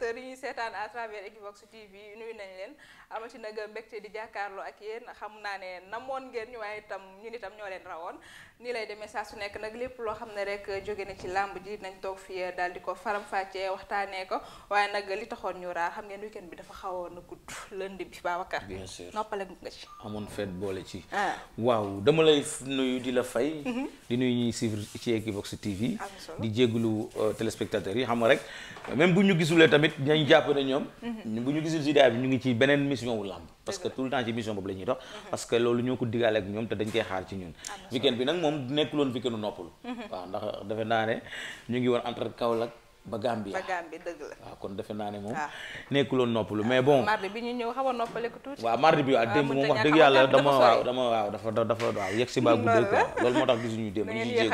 téléspectateurs yi ñuy seetaan à travers Equivox TV nuyu nañ leen amati nag mbégte di jàkkaarloo ak yéen xam naa ne namoon ngeen ñu waaye itam ñun itam ñoo leen rawoon nii lay demee saa su nekk nag lépp loo xam ne rek jóge na ci làmb ji nañ toog fii daal di ko faram-fàccee waxtaanee ko waaye nag li taxoon ñu raa xam ngeen weekend bi dafa xawoon a gudd lundi bi Babacar. bien sûr noppale nga ci. amoon fête boole ci. Ah. waaw dama lay nuyu di la fay. Mm-hmm. di nuyu ñuy suivre ci Equivox TV. di jégalu euh, téléspectateurs yi xam na rek même bu ñu gisulee tamit. tamit dinañ ñoom mhm. bu ñu gisul Zida bi ñu ngi ci beneen mission wu làmb parce tout temps ci mission boobu la dox mhm. parce loolu ñoo ko digaale ak ñoom te dañ koy xaar ci ñun ah, weekend bi nag moom nekkuloon weekendu noppalu mhm. waaw ndax defe naa ñu ngi woon entre Kaolack ba Gambia bi Gambia dëgg la waaw kon defe naa ne moom ah. nekkuloon noppalu mais ah, bon mardi bi ñu ñëw xaw a noppaleku waa waaw mardi bi waaw ah, démb moom wax dëgg yàlla dama waaw dama waaw dafa dafa waaw si baa guddee quoi loolu moo tax gisuñu démb ñu jéegu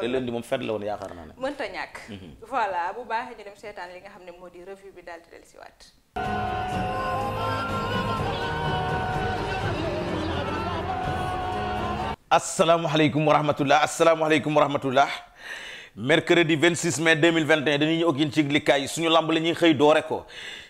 te leen di moom fet la woon yaakaar naa ne mënta ñàkk mhm. voilà bu baax ñu dem seetaan li nga xam ne moo di revue bi daal di del si waat asalaamaaleykum wa rahmatullah asalaamaaleykum wa rahmatullah mercredi 26 mai 2021 dañuy ñëw ak yéen ci yëglikaay suñu lamb la ñuy xëy doore ko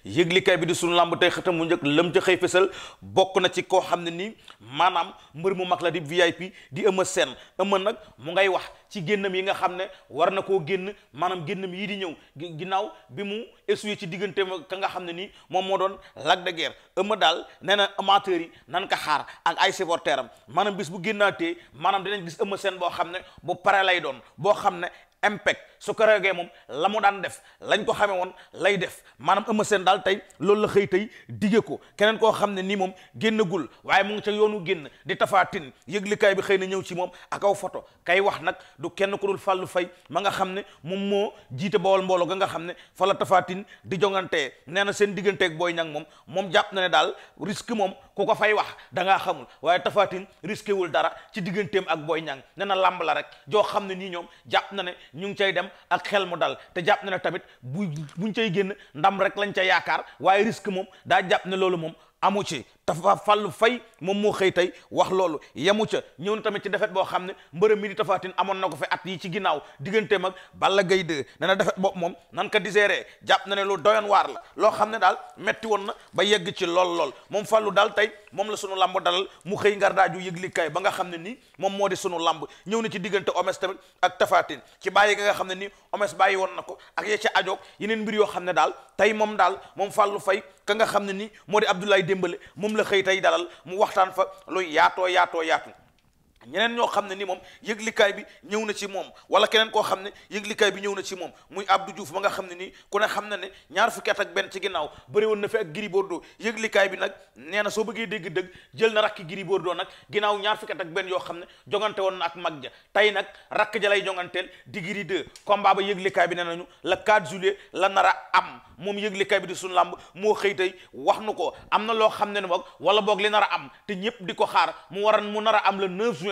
yëglikaay bi di suñu lamb tey xëtam mu njëkk lëm ca xëy fesal bokk na ci koo xam ne nii maanaam mbër mu mag la di VIP di Eumeu Sène Eumeu nag mu ngay wax ci génnam yi nga xam ne war na koo génn maanaam génnam yii di ñëw ginnaaw bi mu essuyé ci diggante ka nga xam ne nii moom moo doon Lac de Guiers ëmma daal nee na amateurs yi nan ka xaar ak ay supporters am maanaam bis bu génnaatee maanaam dinañ bis ëmma seen boo xam ne bu paree lay doon boo xam ne impact su ko reegee moom la mu daan def lañ ko xamee woon lay def maanaam Eumeu Sène daal tey loolu la xëy tey dige ko keneen koo xam ne nii moom génnagul waaye mu ngi ca yoonu génn di tafaatin yëglikaay bi xëy na ñëw ci moom ak aw photo kay wax nag du kenn ku dul fàllu fay ma nga xam ne moom moo jiite bawol mbooloo ga nga xam ne fa la tafaatin di jongantee nee na seen digganteek booy ñang moom moom jàpp na ne daal risque moom ku ko fay wax dangaa xamul waaye tafaatin risqué wul dara ci digganteem ak booy ñang nee na làmb la rek joo xam ne nii ñoom jàpp na ne ñu ngi cay dem ak xel mu dal te jàpp na ne tamit bu buñ cay génn ndam rek lañ ca yaakaar waaye risque moom daa jàpp ne loolu moom amu ci tafa fàllu fay moom moo xëy tey wax loolu yemu ca ñëw na tamit ci defet boo xam ne mbërëm mi di tafaatin amoon na ko fi at yi ci ginnaaw diggante ak Balla Gaye 2 ne na defet boobu moom nan ko digéré jàpp na ne lu doyoon waar la loo xam ne daal metti woon na ba yegg ci lool lool moom fàllu daal tey moom la sunu lamb dalal mu xëy ngar daaju yëglikaay ba nga xam ne nii moom moo di sunu lamb ñëw na ci diggante omes tamit ak tafaatin ci bàyyi ga nga xam ne nii omes bàyyi woon na ko ak ya ca ajoog mbir yoo xam ne daal tey moom daal moom fàllu fay ka nga xam ne nii moo di Abdoulaye démbale moom la xëy tey dalal mu waxtaan fa luy yaatoo yaatoo yaatu ñeneen ñoo xam ne ni moom yëglikaay bi ñëw na ci moom wala keneen koo xam ne bi ñëw na ci moom muy Abdou Diouf ba nga xam ne nii ku ne xam na ne ñaar fukki at ak benn ci ginnaaw bëri na fi ak Gris Bordeaux yëglikaay bi nag nee soo bëggee dégg dëgg jël na rakki Gris Bordeaux nag ginnaaw ñaar fukki at ak benn yoo xam ne jongante woon na ak mag ja tey nag rakk ja lay jonganteel di Gris 2 combat ba likaay bi nee nañu le 4 juillet la nar a am moom yëglikaay bi di suñu làmb moo xëy tey wax nu ko am na loo xam ne ne boog wala boog li nar am te ko a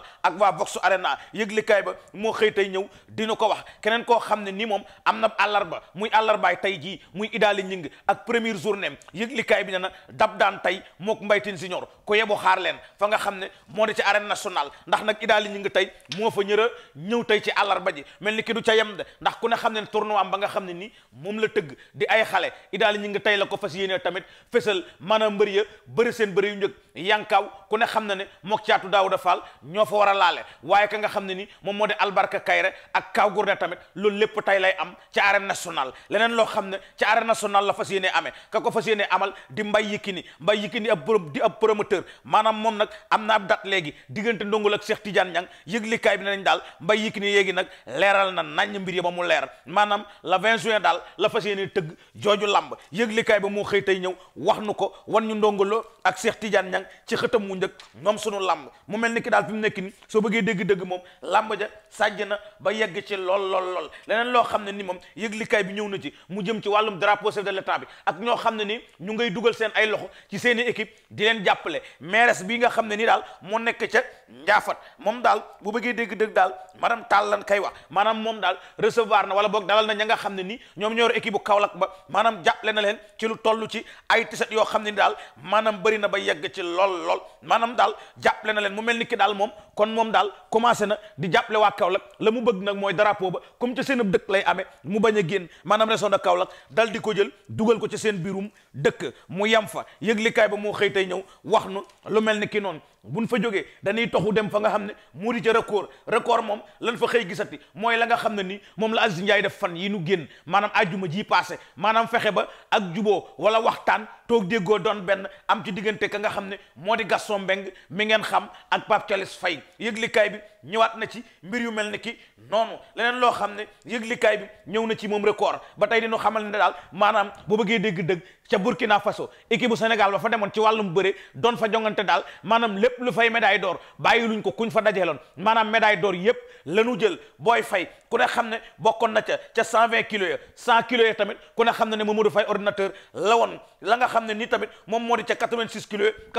nationale ak waa Vox Arena yëglikaay ba moo xëy tey ñëw dina ko wax keneen koo xam ne nii moom am na àllarba muy àllarbaay tey jii muy idaali ñing ak première journée yëglikaay bi na na dab daan tey mook mbaytin senior ko yebu xaar leen fa nga xam ne moo di ci arène nationale ndax nag idaali ñing tey moo fa ñëra ñëw tey ci àllarba ji mel ni ki du ca yem de ndax ku ne xam ne tournoi am ba nga xam ne ni moom la tëgg di ay xale idaali ñing tey la ko fas yéene tamit fésal maanaam mbër ya bëri seen bëri yu njëkk yankaw ku ne xam na ne mook caatu daawuda fall ñoo fa war a laale waaye ka nga xam ne ni moom moo di albarka kayre ak kaw gurne tamit loolu lépp tey lay am ci arène nationale leneen loo xam ne ci arène nationale la fas yéene amee ka ko fa yéene amal di mbay yikini mbay yikini ab borom di ab promoteur maanaam moom nag am na ab date léegi diggante ndongul ak Cheikh Tidiane Niang yëglikaay bi ne nañ daal mbay yikini yéegi nag leeral na nañ mbir yi ba mu leeral maanaam la 20 juin daal la fas yéene tëgg jooju lamb yëglikaay ba moo xëy tey ñëw wax nu ko wan ñu ndongolo ak Cheikh Tidiane Diagne ci xëtam mu njëkk moom sunu làmb mu mel ni ki daal fi mu nekk ni soo bëggee dégg-dégg moom làmb ja sàjj na ba yegg ci lool lool lool leneen loo xam ne ni moom yëglikaay bi ñëw na ci mu jëm ci wàllum drapeau chef de l'état bi ak ñoo xam ne ni ñu ngay dugal seen ay loxo ci seen i di leen jàppale maires bi nga xam ne ni daal moo nekk ca njaafat moom daal bu bëggee dégg-dégg daal madame Tallane kay wax maanaam moom daal recevoir na wala boog dalal na ña nga xam ne ni ñoom ñoo yor équipe ba maanaam jàppale na leen ci yoo xam ne lool lool maanaam daal jàppale na leen mu mel ni ki daal moom kon moom daal commencé na di jàppale waa Kaolack la mu bëgg nag mooy drapeau ba comme ci seen dëkk lay amee mu bañ a génn maanaam région de Kaolack dal di ko jël dugal ko ci seen biirum dëkk mu yem fa yëglikaay ba moo xëy ñëw wax nu lu mel ni ki noonu buñ fa jógee danuy toxu dem fa nga xam ne mu di ca record record moom lan fa xëy gisati mooy la nga xam ne nii moom la Aziz Ndiaye def fan yi nu génn maanaam ajjuma ji passé maanaam fexe ba ak juboo wala waxtaan toog déggoo doon benn am ci diggante ka nga xam ne moo di Gaston Mbengue mi ngeen xam ak Pape Thialis Faye yëglikaay bi ñëwaat na ci mbir yu mel ni ki noonu leneen loo xam ne yëglikaay bi ñëw na ci moom record ba tey dinu xamal ne daal maanaam boo bëggee dégg dëgg ca Burkina Faso équipe Sénégal ba fa demoon ci wàllum bëre doon fa jongante daal maanaam lépp lu fay médaille d'or bàyyi luñ ko kuñ fa dajeeloon maanaam médaille d'or yépp lañu jël booy fay ku ne xam ne bokkoon na ca ca cent vingt kilos ya kilos tamit ku ne xam ne ne Mamadou Faye ordinateur la woon la nga xam ne nii moom moo di ca quatre vingt six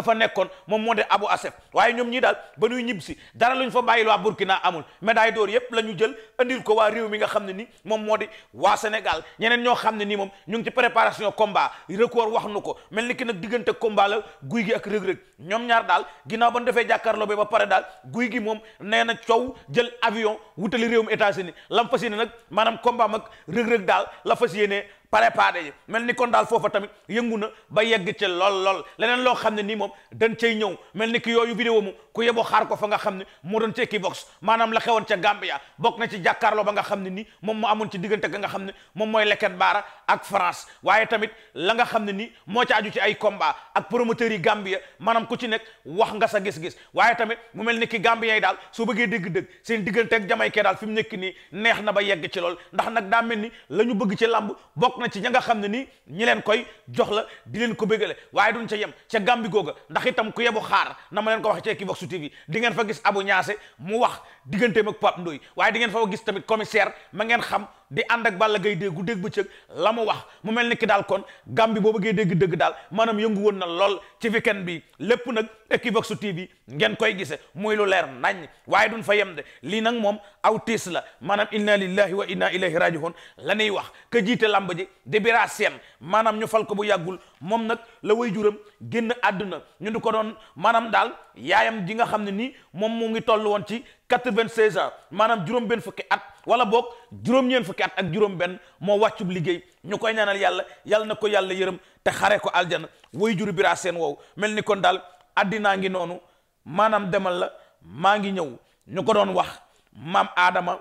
fa nekkoon moom moo di Abou Assef waaye ñoom ñii daal ba ñuy ñib si dara luñ fa bàyyi waa Burkina amul médaille d'or yépp la ñu jël andil ko waa réew mi nga xam ne ni moom moo di waa Sénégal ñeneen ñoo xam ne nii moom ñu ngi ci préparation combat record wax nu ko mel ni ki nag diggante combat la guy gi ak rëg-rëg ñoom ñaar daal ginnaaw ba ñu defee jàkkaarloo ba ba pare daal guy gi moom nee na coow jël avion wutali réewum États-Unis lam fas yéene nag maanaam combat mag rëg-rëg daal la fas yéene préparé yi mel ni kon daal foofa tamit yëngu na ba yegg ci lool lool leneen loo xam ne nii moom dañ cay ñëw mel ni ki yooyu vidéo mu ku yeboo xaar ko fa nga xam ne moo doon ci Equivox maanaam la xewoon ca Gambia bokk na ci jàkkaarloo ba nga xam ne nii moom moo amoon ci diggante ga nga xam ne moom mooy Leket Baara ak France waaye la nga xam ne nii moo ca ci ay combat ak promoteurs yi Gambia maanaam ku ci nekk wax nga sa gis-gis waaye tamit mu mel ni ki Gambien yi daal soo bëggee dégg-dégg seen diggante ak kee daal fi mu nekk nii neex na ba yegg ci lool ndax nag daa mel ni la ñu bëgg ci làmb bokk na ci ña nga xam ne ni ñi leen koy jox la di leen ko bëggale waaye duñ ca yem ca gàmbi googa ndax itam ku yebu xaar na ma leen ko wax ci Equivox TV di ngeen fa gis Abou Niassé mu wax digganteem ak Pape Ndoye waaye di ngeen fa gis tamit commissaire ma ngeen xam di ànd ak Balla Gaye 2 ba bëccëg la mu wax mu mel ni ki daal kon Gambie boo bëggee dégg dëgg daal maanaam yëngu woon na lool ci weekend bi lépp nag Equivox TV ngeen koy gise muy lu leer nañ waaye duñ fa yem de lii nag moom aw tiis la maanaam inna lillahi wa inna ilayhi rajihoon la ñuy wax ka jiite lamb ji di Bira Sène maanaam ñu fal ko bu yàggul moom nag la way juram génn àdduna ñu di ko doon maanaam daal yaayam ji nga xam ne nii moom mu ngi toll woon ci quatre-vingt-seize ans maanaam juróom-benn fukki at wala boog juróom-ñeent fukki at ak juróom-benn moo wàccub liggéey ñu koy ñaanal yàlla yàlla na ko yàlla yërëm te xare ko aljana way juru biraa seen wow mel ni kon daal addinaa ngi noonu maanaam demal la maa ngi ñëw ñu ko doon wax maam aadama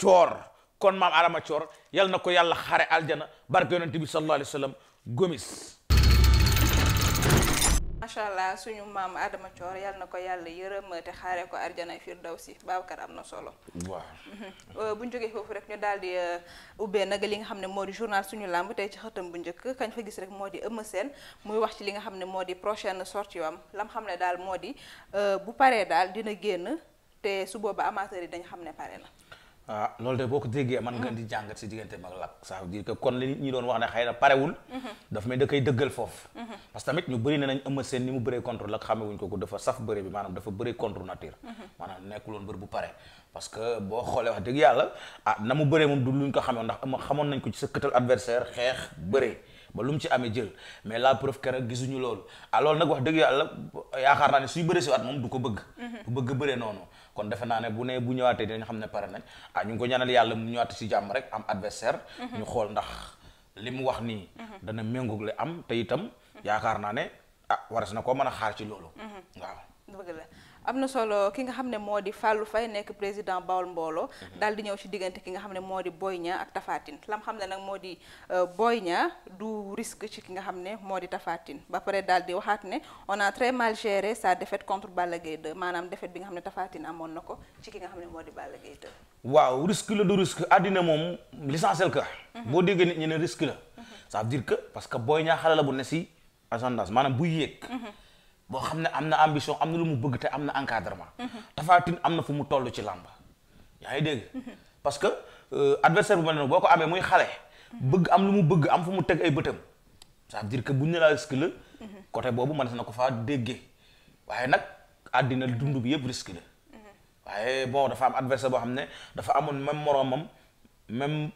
coor kon maam aadama coor yàlla na ko yàlla xare aljana barke yonente bi sallallahu wa sallam gomis macha allah suñu maam Adama Coor yàlla na ko yàlla yërëm te xaaree ko arjana firdawsi Babacar am na solo. waaw mhm. euh, bu ñu jógee foofu rek ñu daal di euh, ubbee nag li nga xam ne moo di journal suñu làmb tey ci xëtam bu njëkk kañ fa gis rek moo di Eumeu seen muy wax ci li nga xam ne moo di prochaine sortie am lam xam ne daal moo di euh, bu paree daal dina génn te su booba amateur yi dañ xam ne pare na. ah loolu de boo ko déggee man nga di jàngat si diggante mag lak ça veut dire kon li ñi doon wax ne xëy na parewul daf may da koy dëggal foofu parce que tamit ñu bëri ne nañ Eumeu Sène ni mu bëree contre lak xamewuñ ko ko dafa saf bëri bi maanaam dafa bëri contre nature maanaam nekkul woon bu pare parce que boo xoolee wax dëgg yàlla ah na mu bëree moom du luñ ko xamoon ndax Eumeu xamoon nañ ko ci sa këtal adversaire xeex bëree ba lu mu ci amee jël mais la preuve keroog gisuñu loolu alors nag wax dëgg yàlla yaakaar naa ne suy bëree si waat moom du ko bëgg mhm. du bëgg bëree noonu kon defe naa ne bu nee bu ñëwaatee dinañ xam ne pare nañ ah ñu ngi ko ñaanal yàlla mu ñëwaat si jàmm rek am adversaire mhm. ñu xool ndax li mu wax nii mhm. dana méngoog la am te itam yaakaar naa ne ah waras na koo mën a xaar ci loolu waaw am na solo ki nga xam ne moo di Fallou fay nekk président Bawol Mbooloo mhm. daal di ñëw ci diggante ki nga xam ne moo di Boy Niang ak Tapha lam xam ne nag moo di euh, Boy Niang du risque ci ki nga xam ne moo di tafaatin ba pare daal di waxaat ne on a très mal géré sa défaite contre Balla Gaye 2 maanaam défaite bi nga xam ne Tapha Tine amoon na ko ci ki nga xam ne moo di Balla Gaye 2 waaw risque la du risque àddina moom l'essentiel que mhm. boo déggee nit ñi ne risque la mhm. ça veut dire que parce que Boy Niang xale la bu ne si ascendance maanaam buy yéeg boo xam ne am na ambition am na lu mu bëgg te am na encadrement. Mhm. Tapha Tine am na fu mu toll ci làmba yaa ngi dégg. Mhm. parce que euh, adversaire bu ma ne boo ko amee muy xale. Mhm. bëgg am lu mu bëgg am fu mu teg ay bëtam. ça veut dire ñu la risque côté boobu mën na ko faa déggee waaye nag àddina dund bi yëpp risque la. waaye bon dafa am adversaire boo xam ne dafa amoon même moromam même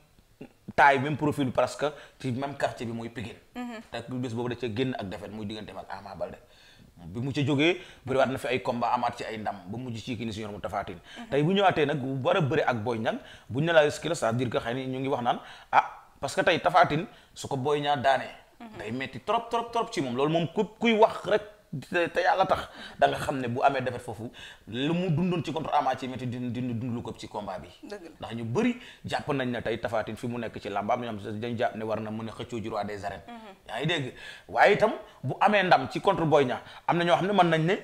taille même profil parce que ci même quartier bi muy Pikine. te bés boobu da ca génn ak defet muy diggante ak Ama Baldé. bi mu ca jógee bëriwaat na fi ay combat amaat ci ay ndam ba mujj ci kii ni senior mu tafaatin mhm. tey bu ñëwaatee nag bu war a bëri ak booy Niang bu ñu ne laa risque la c'est-à-dire que xëy ni ñu ngi wax naan ah parce que tey tafaatin su ko booy Niang daanee mhm. day metti trop trop trop ci moom loolu moom ku kuy wax rek te yàlla tax da nga xam ne bu amee defet foofu lu mu dundoon ci contre Ama ci métti dina ko ci combat bi ndax ñu bëri jàpp nañ ne tey Tapha fi mu nekk ci làmb am nañu xam dañ jàpp ne war na mën a xëccoo ji roi des mm-hmm. waaye itam bu amee ndam ci contre Boy Niang am na ñoo xam ne mën nañ ne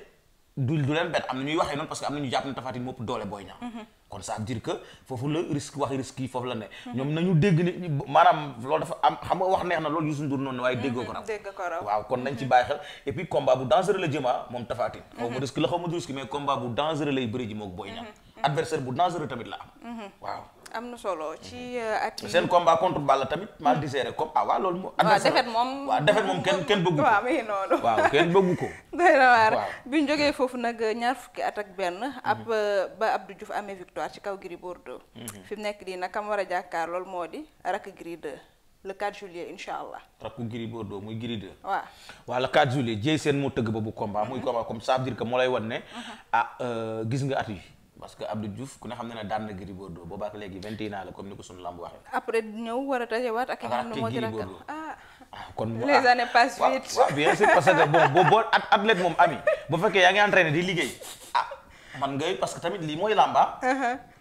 du du leen bett am na ñuy waxee noonu parce que am na ñu jàpp ne Tapha Tine doole Boy Niang mm-hmm. kon ça veut dire que foofu la risque wax risque foofu la ne. ñoom nañu dégg ni maanaam loolu dafa am xam nga wax neex na loolu Youssou Ndour noonu waaye déggoo ko raw. waaw kon nañ ci bàyyi xel et puis bu dangereux la jëmaa moom Tapha xaw ma risque la xaw ma du risque mais combat bu dangereux lay bëri moog Boy Niang. Mhm. adversaire bu dangereux tamit la am. Mhm. waaw. am na solo ci mhm. euh, at seen combat contre Balla tamit mal digéré comme ah waa loolu moom. waaw defet moom waaw defet moom kenn kenn bëggu ko. waaw mi bi ñu jógee foofu nag ñaar fukki at ak benn. ab mhm. euh, ba du Diouf amee victoire ci kaw Gris Bordeaux. Mhm. fi mu nekk nii nag am war a jàkkaar loolu moo di rakk Gris 2 le 4 juillet incha allah. rakku Gris Bordeaux muy Gris 2. waaw waaw le 4 juillet jéey seen moo tëgg ba bu combat. muy combat comme ça veut dire moo lay wan ne. ah euh, gis nga at yi. parce que Abdou Diouf ku ne xam ne ne daan na Gris Bordeaux boobaa ak léegi 21 ans la comme ni ko sunu lamb waxee. après ñëw war a tasewaat ak. ak kii Gris Bordeaux ah. Ah, kon mu les années passent vite. parce que bon boo boo athlète moom fekkee yaa ngi entraîné di liggéey ah man ngay parce que tamit lii mooy lamba. Ah. Uh-huh.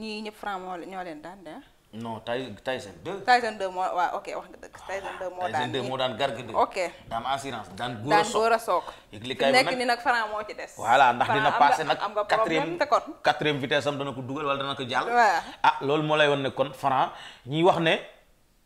ñii ñëpp franc moo ñoo leen daan de. non Tyson 2. Tyson 2 moo waaw ok wax nga dëgg. Ah, Tyson 2 moo daan Tyson 2 moo ok daan assurance daan góor a soog a soog. nekk ni nag franc moo ci des. voilà ndax dina passé nag quatrième quatrième vitesse am dana ko dugal wala dana ko jàll. ah loolu moo lay won ne kon franc ñi wax ne.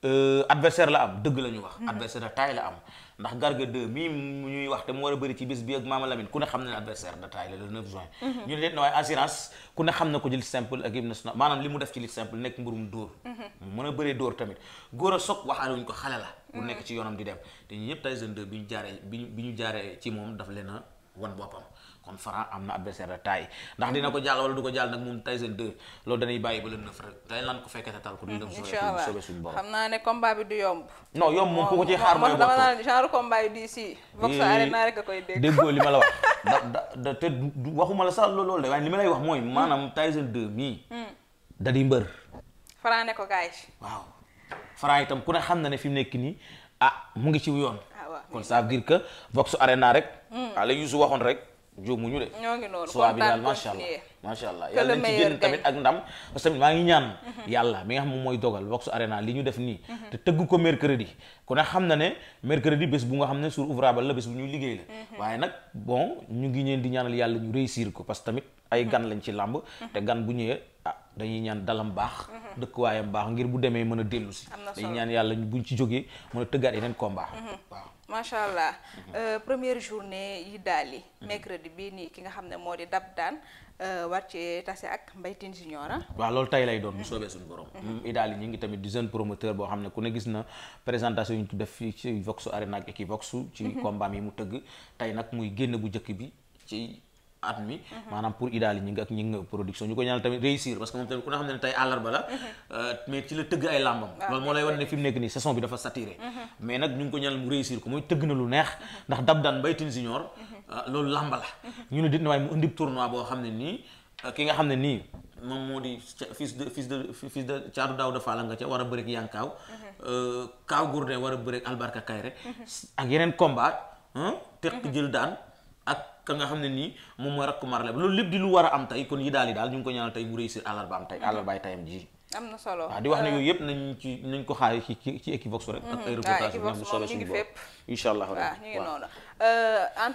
Euh, adversaire la am dëgg la ñu wax. Mm-hmm. adversaire de taille la am ndax Garga 2 mii mu ñuy wax te mu war a bëri ci bis bi ak Mama Lamine ku ne xam ne adversaire de taille la le 9 juin. Mm-hmm. ñu ne leen waaye assurance ku ne xam na ko ci simple ak hymne national maanaam li mu def ci simple nekk mburum dóor. mu mm-hmm. mën a bëree dóor tamit góor a soog waxaale wuñ ko xale la. bu nekk ci yoonam di dem te ñun ñëpp Tyson 2 bi bi ñu jaaree ci moom daf leen a wan boppam. kon Franc am na adversaire de taille ndax dina ko jàll wala du ko jàll nag moom Tyson 2 loolu dañuy bàyyi ba le 9 rek dañ lan ko fekkee te tal ko du dem mm, soobee ne combat bi du yomb non yomb moom ku ko ci xaar mooy bokk dama naan genre combat yi di eh, a koy dégg déggoo li ma la wax da da li ma lay wax mooy mm. maanaam Tyson 2 mii mm. da di mbër Franc ne ko gaay waaw Franc itam ku ne xam na ne fi mu nekk nii ah mu ngi ci yoon ah, kon ça veut dire que vox arena rek ah la Youssou waxoon rek juumuñu de. ñoo ngi noonu kontaan bi daal macha allah macha allah yàlla nañ ak ndam maa ngi ñaan. Mhm. yàlla mi nga xam moom mooy dogal Vox Arena li ñu def nii. Mhm. te tëgg ko mercredi. ku ne xam na ne mercredi bés bu nga xam ne sur ouvrable la bés bu ñuy liggéey la. Mhm. waaye nag bon ñu ngi ñeen di ñaanal yàlla ñu réussir ko parce que tamit ay gan lañ ci làmb. te gan bu ñëwee ah dañuy ñaan dalam baax. dëkkuwaayam baax ngir bu demee mën a dellu si. dañuy ñaan yàlla buñ ci jógee mën a tëggaat yeneen koo waaw macha allah euh, première journée yi daal yi mercredi bii nii ki nga xam ne moo di dab daan euh, war ci tase ak Mbaye Tine Junior ah. waaw loolu tey lay doon mu soobee suñ borom mm-hmm. idaal yi ñu ngi tamit di jeune promoteur boo xam ne ku ne gis na présentation yi ñu def fii ci Vox Arena ak Equivox ci mm-hmm. combat yi mu tëgg tey nag muy génn bu njëkk bi ci at mi mhm. maanaam pour idaali ñi ngi ak ñi ko ñaanal tamit réussir parce que moom tamit ku ne xam ne ne tey àllarba la mhm. euh, mais ci la tëgg ay làmbam ah, loolu moo lay wan ne fi mu nekk nii saison bi dafa saturé mhm. mais neex ndax dab daan bay tin ah, loolu làmba la ñu ne dit na mu indi tournoi boo xam ne nii ah, ki nga xam ne nii moom moo di fils de fils de fils de Thiatou Daouda Fall nga ca war a bëreeg Yankaaw euh, Kaaw Gourdin war a bëreeg Albarka Kayre ak yeneen combat teq jël daan ak ka nga xam ne nii moom mooy rakk Marley loolu lépp di lu war a am tey kon yi daal yi daal ñu ko ñaanal tey mu réussir àllarba am tey àllarbaay tayam ji am na solo waaw ah, di wax ne euh, yooyu yëpp nañ ci nañ ko xaar ci ci ci Equivox rek. ak ay reportage yu am solo ah,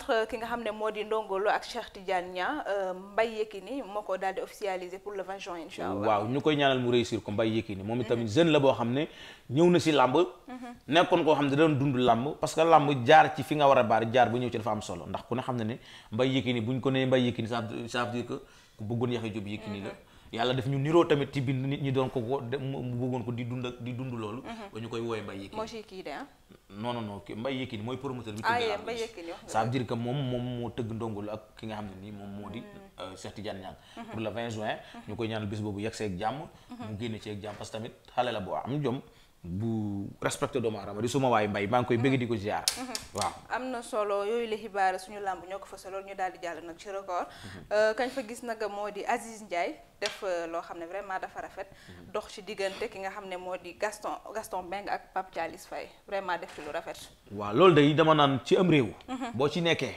euh, ki nga xam ne moo di Ndongo Lo ak Cheikh Tidiane Niang euh, Mbaye Yékini moo ko daal di officialiser pour le 20 juin waaw ñu koy ñaanal mu réussir ko Mbaye Yékini moom itamit mm-hmm. jeune la boo xam ne ñëw na si làmb. Mm-hmm. nekkoon koo xam ne da dund làmb parce que làmb jaar ci fi nga war a jaar ba ñëw ci am solo ndax ku ne xam ne ne Mbaye Yékini buñ ko nee Mbaye Yékini ça veut dire que ku bëggoon Yaxya Jóob Yékini la. Mm-hmm. yàlla def ñu niroo tamit ci bind nit ñi doon ko ko bëggoon ko di dund ak di dund loolu mhm. ba ñu koy wooyee mbay Yékini moo ci kii de ah. non non non Mbaye mooy promoteur bi ah, tëgg Mbaye Yékini ça veut que moom moom moo tëgg ndongol ak ki nga xam ne nii moom moo di mhm. euh, Cheikh Tidiane Niang mhm. pour le 20 juin ñu koy ñaanal bés boobu yegg seeg jàmm mu génn ci ak jàmm parce tamit xale la boo am jom bu respecté doomu aadama di suma waay mbay maa ngi koy bëgg di ko ziar. Mhm. waaw am na solo yooyu la xibaar suñu làmb ñoo ko fasaloon ñu daal di jàll nag ci record. Mhm. Euh, kañ fa gis nag moo di Aziz Ndiaye def euh, loo xam ne vraiment dafa rafet. Mhm. dox ci diggante ki nga xam ne moo di Gaston Gaston Mbengue ak Pape Thialis Faye vraiment def ci lu rafet. waaw loolu day dama naan ci am réew. boo ci nekkee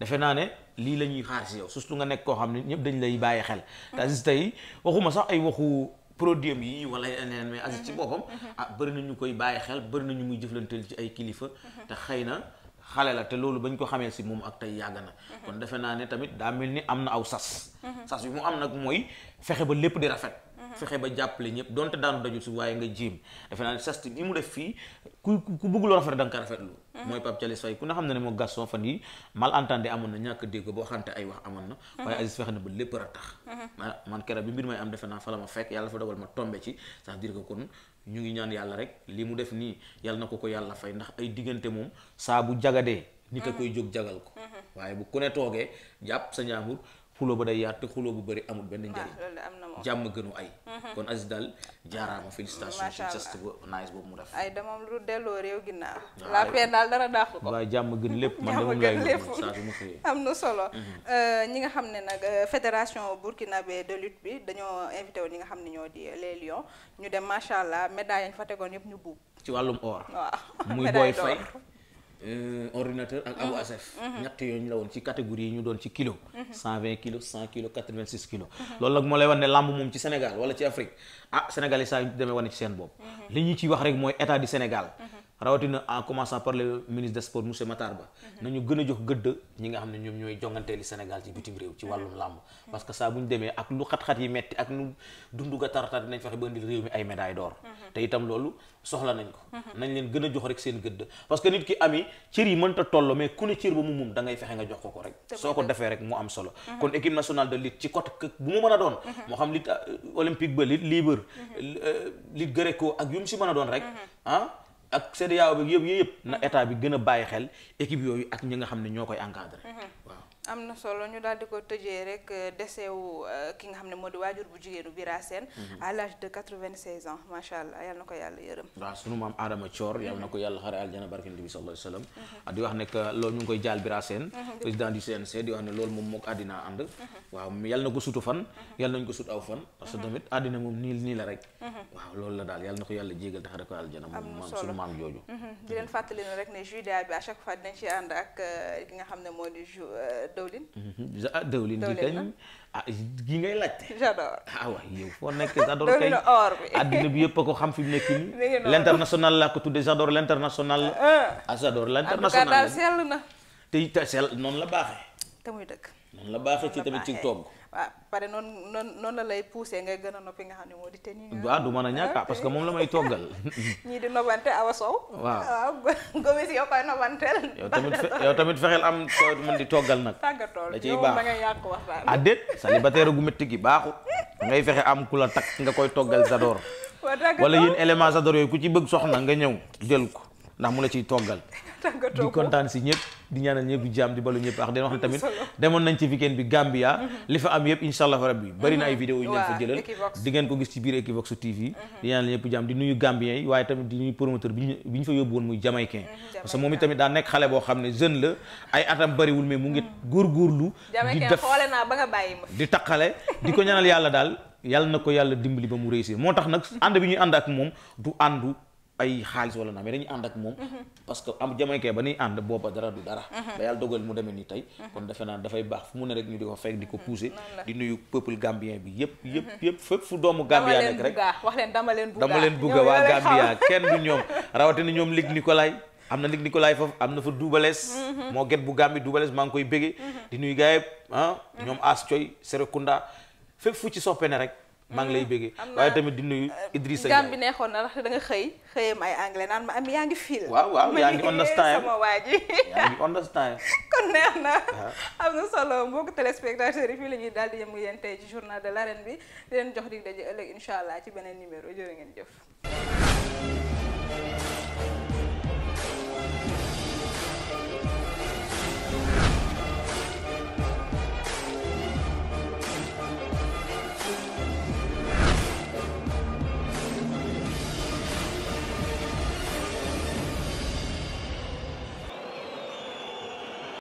defe naa ne lii la ñuy xaar si yow surtout nga nekk koo xam ne ñëpp dañ lay bàyyi xel. te Aziz tey waxuma sax ay waxu. produit yi wala yeneen mais Aziz mhm. ci boppam mhm. ah bëri na ñu koy bàyyi xel bari na ñu muy jëflanteel ci ay kilifa mhm. te xëy na xale la te loolu bañ ko xamee si moom ak tey yàgg na kon defe naa ne tamit daa mel ni am na aw sas sas bi mu am nag mooy fexe ba lépp di rafet fexe ba jàppale ñëpp donte daanu daju si waaye nga jéem defe naa ne bi mu def fii ku ku bëgg rafet da nga ko rafetlu mm-hmm. mooy Pape Thialis Faye ku ne xam ne ne mm-hmm. mm-hmm. ma man keroog bi mbir am defe naa fa la ma fekk yàlla fa dogal ma tombe ci ça veut dire que rek li mu def nii yàlla na ko ko yàlla fay ndax ay diggante moom saa bu jagadee nit a koy jóg jagal ko waaye bu ku ne toogee jàpp sa ñaamur xuloo ba day yaatu te xuloo bu bëri amul benn njariñ jàmm gënu ay mhm. kon Aziz daal jaaraama félicitation ci geste bu nice boobu mu def ay da moom lu delloo réew ginnaaw la peine daal dara dàq ko jàmm gën lépp man dama gën lépp am na solo mhm. euh, ñi nga xam ne nag euh, fédération burkinabé de lutte bi dañoo invité woon ñi nga xam ne ñoo di les lions ñu dem macha allah médaille yañ fa tegoon yëpp ñu buub ci wàllum or muy booy fay Euh, ordinateur ak abu mm-hmm. asef mm-hmm. ñett yooyu ñu la woon ci catégorie yi ñu doon ci kilo mm-hmm. cent vingt kilos cent kilo quatre vingt six kilos loolu nag moo lay wan ne làmb moom ci Sénégal wala ci Afrique ah Sénégal yi saa demee wane ci seen bopp li ñu ci wax rek mooy état du Sénégal rawatina en commençant par le ministre des sports monsieur Matar Ba nañu gën a jox gëdd ñi nga xam ne ñoom ñooy jonganteeli Sénégal ci bitim réew ci wàllum làmb parce que saa bu ñu demee ak lu xat-xat yi metti ak nu dundu ga tartar dinañ fexe ba indil réew mi ay médaille d'or mhm. te itam loolu soxla nañ ko mhm. nañ leen gën a jox rek seen gëdd parce que nit ki ami cër yi mënta tolloo mais ku ne cër ba mu moom da fexe nga jox ko ko rek soo ko defee rek mu mhm. a doon moo xam lutte euh, olympique euh, a ak CEDEAO bi yëpp yëpp na état bi gën a bàyyi xel équipe yooyu ak ñi nga xam ne ñoo koy encadré am na solo ñu daal di ko tëjee rek euh, desewu euh, ki nga xam ne moo di waajur bu jigéenu Bira Sène mhm. à de ans macha allah yal na ko yàlla xare aljana barke nii la rek mhm. waaw loolu la daal yal na ko yàlla jégal taxare ko aljana moom sunu maam jooju mhm. di leen fàttali rek ne juda bi à chaque fois dinañ ci ànd ak euh, ki nga xam ne moo di dëwlin. Mhm. ah dëwlin bi kañ ah gi ngay laajte. j'adore ah waaw yow foo nekk j'adore kay or bi adduna a ko xam fi mu nekk nii. l'international laa ko tuddee j'adore l'international. ah, ah j'adore l'international. en tout cas daal sell na. te it sell noonu la baaxee. te muy dëkk. noonu la baax ci tamit ci togg. waaw pare noonu noonu noonu la lay poussé ngay gën a noppi nga xam ne moo di te nii. Ah. waaw du mën a ñàkk ah, parce que moom la may toggal. ñii di nobante Awa Sow. waaw waaw gomis yow koy nobanteel. yow tamit tamit fexeel am koy mën di toggal nag. tàggatool da ciy baax da ngay yàq waxtaan. ah déet célibataire gu metti gi baaxu ngay fexe am ku la takk nga koy toggal Zador. wala yéen élément Zador yooyu ku ci bëgg soxna nga ñëw jël ko ndax mu la ciy toggal. di kontaan si ñëpp. di ñaanal ñëpp di jàmm di balu ñëpp ak den wax ni tamit demoon nañ ci weekend bi Gambia mm-hmm. li fa am yëpp insha allah rabbi bari na ay mm-hmm. vidéo yu ñu leen fa jëlal di ngeen ko gis ci biir Equivox TV mm-hmm. di nuyu Gambien yi waaye tamit di nuyu promoteur bi ñu fa yóbbu woon muy jamaïcain parce que moom itamit daa nekk xale boo xam ne jeune la ay atam bariwul mais mu ngi góorgóorlu di def di taqale di ko ñaanal yàlla daal yàlla na ko yàlla dimbali ba mu réussir moo tax nag ànd bi ñuy ànd ak moom du àndu ay xaalis wala naa mais dañuy ànd ak moom mm-hmm. parce que am jamaykee ba nuy ànd booba dara du dara mm-hmm. ba yàlla dogal mu deme ni tey mm-hmm. kon defe naa dafay baax fu mu ne rek ñu di ko fekk di ko pousser di nuyu peuple gambien bi yëpp yëpp yëpp fépp fu doomu gambia nekk rek wax leen dama leen dama leen bugga waa gambia kenn du ñoom rawatina ñoom lig Nicolay am na lig Nicolay foofu am na fa duubalees moo get bu gambi duubalees maa ngi koy bége di nuyu gaay ah ñoom as coy Serekunda fépp fu ci soppe na rek maa ngi lay béggee waaye tamit di nuyu Idrissa Ndiaye gam bi neexoon na ndax da nga xëy xëyam ay anglais naan ma am yaa ngi fii la waaw waaw yaa ngi understand waa ji yaa ngi understand kon neex na am na solo mbokk téléspectateurs yi fii la ñuy daal di yem yéen tey ci journal de ren bi di leen jox dig daje ëllëg incha allah ci beneen numéro jërë ngeen jëf